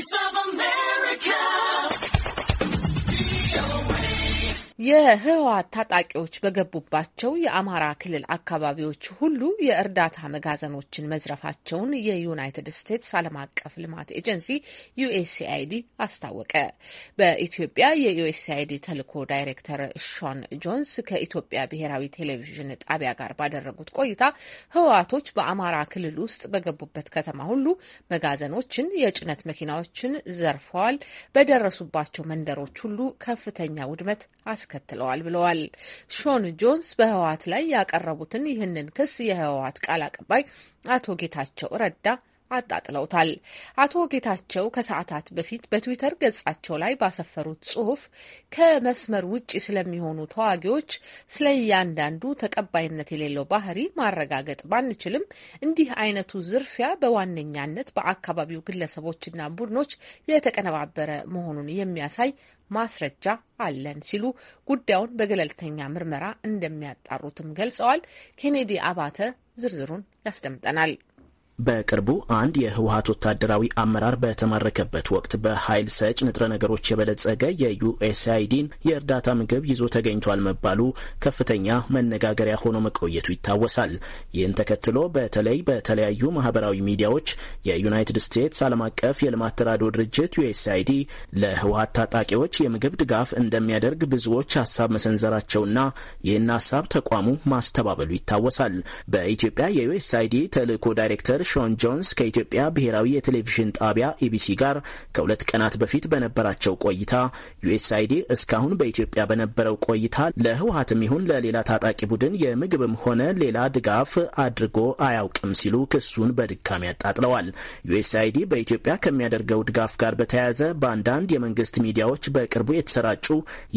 voice of የህወሓት ታጣቂዎች በገቡባቸው የአማራ ክልል አካባቢዎች ሁሉ የእርዳታ መጋዘኖችን መዝረፋቸውን የዩናይትድ ስቴትስ ዓለም አቀፍ ልማት ኤጀንሲ ዩኤስኤአይዲ አስታወቀ። በኢትዮጵያ የዩኤስኤአይዲ ተልዕኮ ዳይሬክተር ሾን ጆንስ ከኢትዮጵያ ብሔራዊ ቴሌቪዥን ጣቢያ ጋር ባደረጉት ቆይታ ህወሓቶች በአማራ ክልል ውስጥ በገቡበት ከተማ ሁሉ መጋዘኖችን፣ የጭነት መኪናዎችን ዘርፈዋል፣ በደረሱባቸው መንደሮች ሁሉ ከፍተኛ ውድመት አስ አስከትለዋል ብለዋል። ሾን ጆንስ በህወሀት ላይ ያቀረቡትን ይህንን ክስ የህወሀት ቃል አቀባይ አቶ ጌታቸው ረዳ አጣጥለውታል። አቶ ጌታቸው ከሰዓታት በፊት በትዊተር ገጻቸው ላይ ባሰፈሩት ጽሁፍ ከመስመር ውጪ ስለሚሆኑ ተዋጊዎች ስለ እያንዳንዱ ተቀባይነት የሌለው ባህሪ ማረጋገጥ ባንችልም እንዲህ አይነቱ ዝርፊያ በዋነኛነት በአካባቢው ግለሰቦችና ቡድኖች የተቀነባበረ መሆኑን የሚያሳይ ማስረጃ አለን ሲሉ ጉዳዩን በገለልተኛ ምርመራ እንደሚያጣሩትም ገልጸዋል። ኬኔዲ አባተ ዝርዝሩን ያስደምጠናል። በቅርቡ አንድ የህወሀት ወታደራዊ አመራር በተማረከበት ወቅት በኃይል ሰጭ ንጥረ ነገሮች የበለጸገ የዩኤስአይዲን የእርዳታ ምግብ ይዞ ተገኝቷል መባሉ ከፍተኛ መነጋገሪያ ሆኖ መቆየቱ ይታወሳል። ይህን ተከትሎ በተለይ በተለያዩ ማህበራዊ ሚዲያዎች የዩናይትድ ስቴትስ ዓለም አቀፍ የልማት ተራድኦ ድርጅት ዩኤስአይዲ ለህወሀት ታጣቂዎች የምግብ ድጋፍ እንደሚያደርግ ብዙዎች ሀሳብ መሰንዘራቸውና ይህን ሀሳብ ተቋሙ ማስተባበሉ ይታወሳል። በኢትዮጵያ የዩኤስአይዲ ተልእኮ ዳይሬክተር ሾን ጆንስ ከኢትዮጵያ ብሔራዊ የቴሌቪዥን ጣቢያ ኢቢሲ ጋር ከሁለት ቀናት በፊት በነበራቸው ቆይታ ዩኤስአይዲ እስካሁን በኢትዮጵያ በነበረው ቆይታ ለህወሀትም ይሁን ለሌላ ታጣቂ ቡድን የምግብም ሆነ ሌላ ድጋፍ አድርጎ አያውቅም ሲሉ ክሱን በድጋሚ ያጣጥለዋል። ዩኤስአይዲ በኢትዮጵያ ከሚያደርገው ድጋፍ ጋር በተያያዘ በአንዳንድ የመንግስት ሚዲያዎች በቅርቡ የተሰራጩ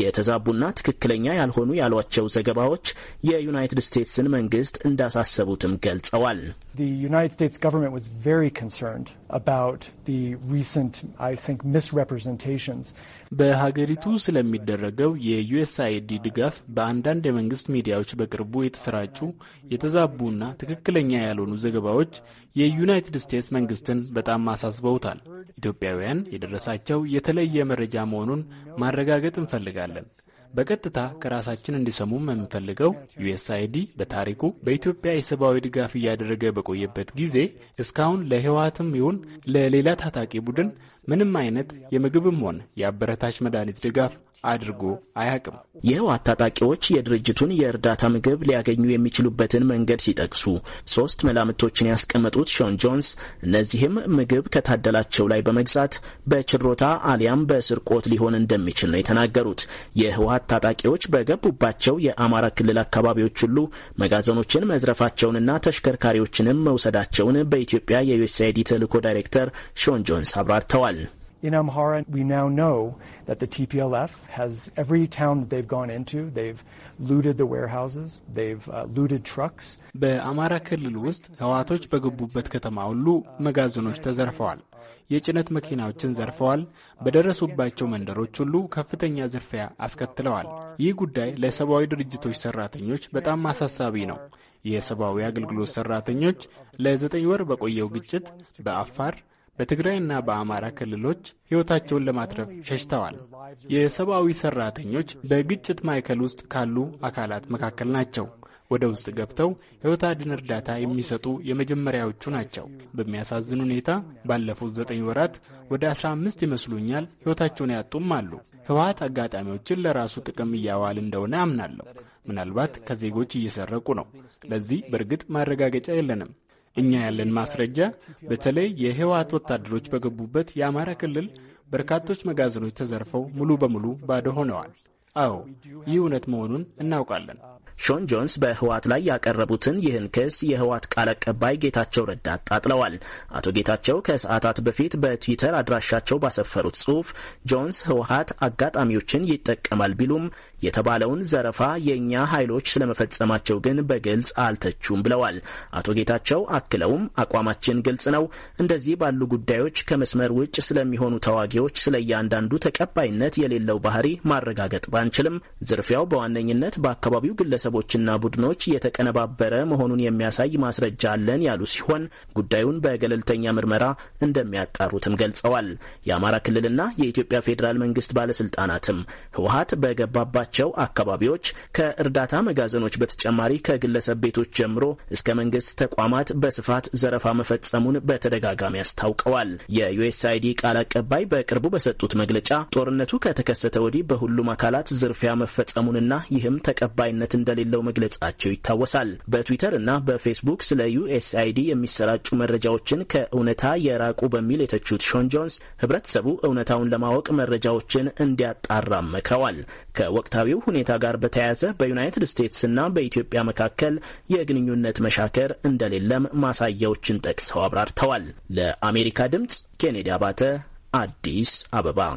የተዛቡና ትክክለኛ ያልሆኑ ያሏቸው ዘገባዎች የዩናይትድ ስቴትስን መንግስት እንዳሳሰቡትም ገልጸዋል። The United States government was very concerned about the recent, I think, misrepresentations. በሀገሪቱ ስለሚደረገው የዩኤስአይዲ ድጋፍ በአንዳንድ የመንግስት ሚዲያዎች በቅርቡ የተሰራጩ የተዛቡና ትክክለኛ ያልሆኑ ዘገባዎች የዩናይትድ ስቴትስ መንግስትን በጣም አሳስበውታል። ኢትዮጵያውያን የደረሳቸው የተለየ መረጃ መሆኑን ማረጋገጥ እንፈልጋለን። በቀጥታ ከራሳችን እንዲሰሙም የምፈልገው ዩኤስአይዲ በታሪኩ በኢትዮጵያ የሰብአዊ ድጋፍ እያደረገ በቆየበት ጊዜ እስካሁን ለህወሓትም ይሁን ለሌላ ታጣቂ ቡድን ምንም አይነት የምግብም ሆነ የአበረታች መድኃኒት ድጋፍ አድርጎ አያውቅም። የህወሓት ታጣቂዎች የድርጅቱን የእርዳታ ምግብ ሊያገኙ የሚችሉበትን መንገድ ሲጠቅሱ ሶስት መላምቶችን ያስቀመጡት ሾን ጆንስ እነዚህም ምግብ ከታደላቸው ላይ በመግዛት በችሮታ አሊያም በስርቆት ሊሆን እንደሚችል ነው የተናገሩት። የህወሓት ታጣቂዎች በገቡባቸው የአማራ ክልል አካባቢዎች ሁሉ መጋዘኖችን መዝረፋቸውንና ተሽከርካሪዎችንም መውሰዳቸውን በኢትዮጵያ የዩኤስአይዲ ተልዕኮ ዳይሬክተር ሾን ጆንስ አብራርተዋል። In Amhara, we now know that the TPLF has every town that they've gone into, they've looted the warehouses, they've uh, looted trucks. በአማራ ክልል ውስጥ ህዋቶች በገቡበት ከተማ ሁሉ መጋዘኖች ተዘርፈዋል። የጭነት መኪናዎችን ዘርፈዋል። በደረሱባቸው መንደሮች ሁሉ ከፍተኛ ዝርፊያ አስከትለዋል። ይህ ጉዳይ ለሰብአዊ ድርጅቶች ሰራተኞች በጣም አሳሳቢ ነው። የሰብአዊ አገልግሎት ሰራተኞች ለዘጠኝ ወር በቆየው ግጭት በአፋር በትግራይና በአማራ ክልሎች ሕይወታቸውን ለማትረፍ ሸሽተዋል። የሰብአዊ ሰራተኞች በግጭት ማዕከል ውስጥ ካሉ አካላት መካከል ናቸው። ወደ ውስጥ ገብተው ሕይወት አድን እርዳታ የሚሰጡ የመጀመሪያዎቹ ናቸው። በሚያሳዝን ሁኔታ ባለፉት ዘጠኝ ወራት ወደ 15 ይመስሉኛል ሕይወታቸውን ያጡም አሉ። ህወሀት አጋጣሚዎችን ለራሱ ጥቅም እያዋል እንደሆነ አምናለሁ። ምናልባት ከዜጎች እየሰረቁ ነው። ለዚህ በእርግጥ ማረጋገጫ የለንም። እኛ ያለን ማስረጃ በተለይ የህወሀት ወታደሮች በገቡበት የአማራ ክልል በርካቶች መጋዘኖች ተዘርፈው ሙሉ በሙሉ ባዶ ሆነዋል። አዎ ይህ እውነት መሆኑን እናውቃለን። ሾን ጆንስ በህወሓት ላይ ያቀረቡትን ይህን ክስ የህወሓት ቃል አቀባይ ጌታቸው ረዳ አጣጥለዋል። አቶ ጌታቸው ከሰዓታት በፊት በትዊተር አድራሻቸው ባሰፈሩት ጽሁፍ ጆንስ ህወሓት አጋጣሚዎችን ይጠቀማል ቢሉም የተባለውን ዘረፋ የእኛ ኃይሎች ስለመፈጸማቸው ግን በግልጽ አልተቹም ብለዋል። አቶ ጌታቸው አክለውም አቋማችን ግልጽ ነው፣ እንደዚህ ባሉ ጉዳዮች ከመስመር ውጭ ስለሚሆኑ ተዋጊዎች ስለ እያንዳንዱ ተቀባይነት የሌለው ባህሪ ማረጋገጥ ባንችልም ዝርፊያው በዋነኝነት በአካባቢው ግለሰ ግለሰቦችና ቡድኖች የተቀነባበረ መሆኑን የሚያሳይ ማስረጃ አለን ያሉ ሲሆን ጉዳዩን በገለልተኛ ምርመራ እንደሚያጣሩትም ገልጸዋል። የአማራ ክልልና የኢትዮጵያ ፌዴራል መንግስት ባለስልጣናትም ህወሀት በገባባቸው አካባቢዎች ከእርዳታ መጋዘኖች በተጨማሪ ከግለሰብ ቤቶች ጀምሮ እስከ መንግስት ተቋማት በስፋት ዘረፋ መፈጸሙን በተደጋጋሚ አስታውቀዋል። የዩኤስአይዲ ቃል አቀባይ በቅርቡ በሰጡት መግለጫ ጦርነቱ ከተከሰተ ወዲህ በሁሉም አካላት ዝርፊያ መፈጸሙንና ይህም ተቀባይነት እንደ እንደሌለው መግለጻቸው ይታወሳል። በትዊተር እና በፌስቡክ ስለ ዩኤስአይዲ የሚሰራጩ መረጃዎችን ከእውነታ የራቁ በሚል የተቹት ሾን ጆንስ ህብረተሰቡ እውነታውን ለማወቅ መረጃዎችን እንዲያጣራ መክረዋል። ከወቅታዊው ሁኔታ ጋር በተያያዘ በዩናይትድ እና በኢትዮጵያ መካከል የግንኙነት መሻከር እንደሌለም ማሳያዎችን ጠቅሰው አብራርተዋል። ለአሜሪካ ድምጽ ኬኔዲ አባተ አዲስ አበባ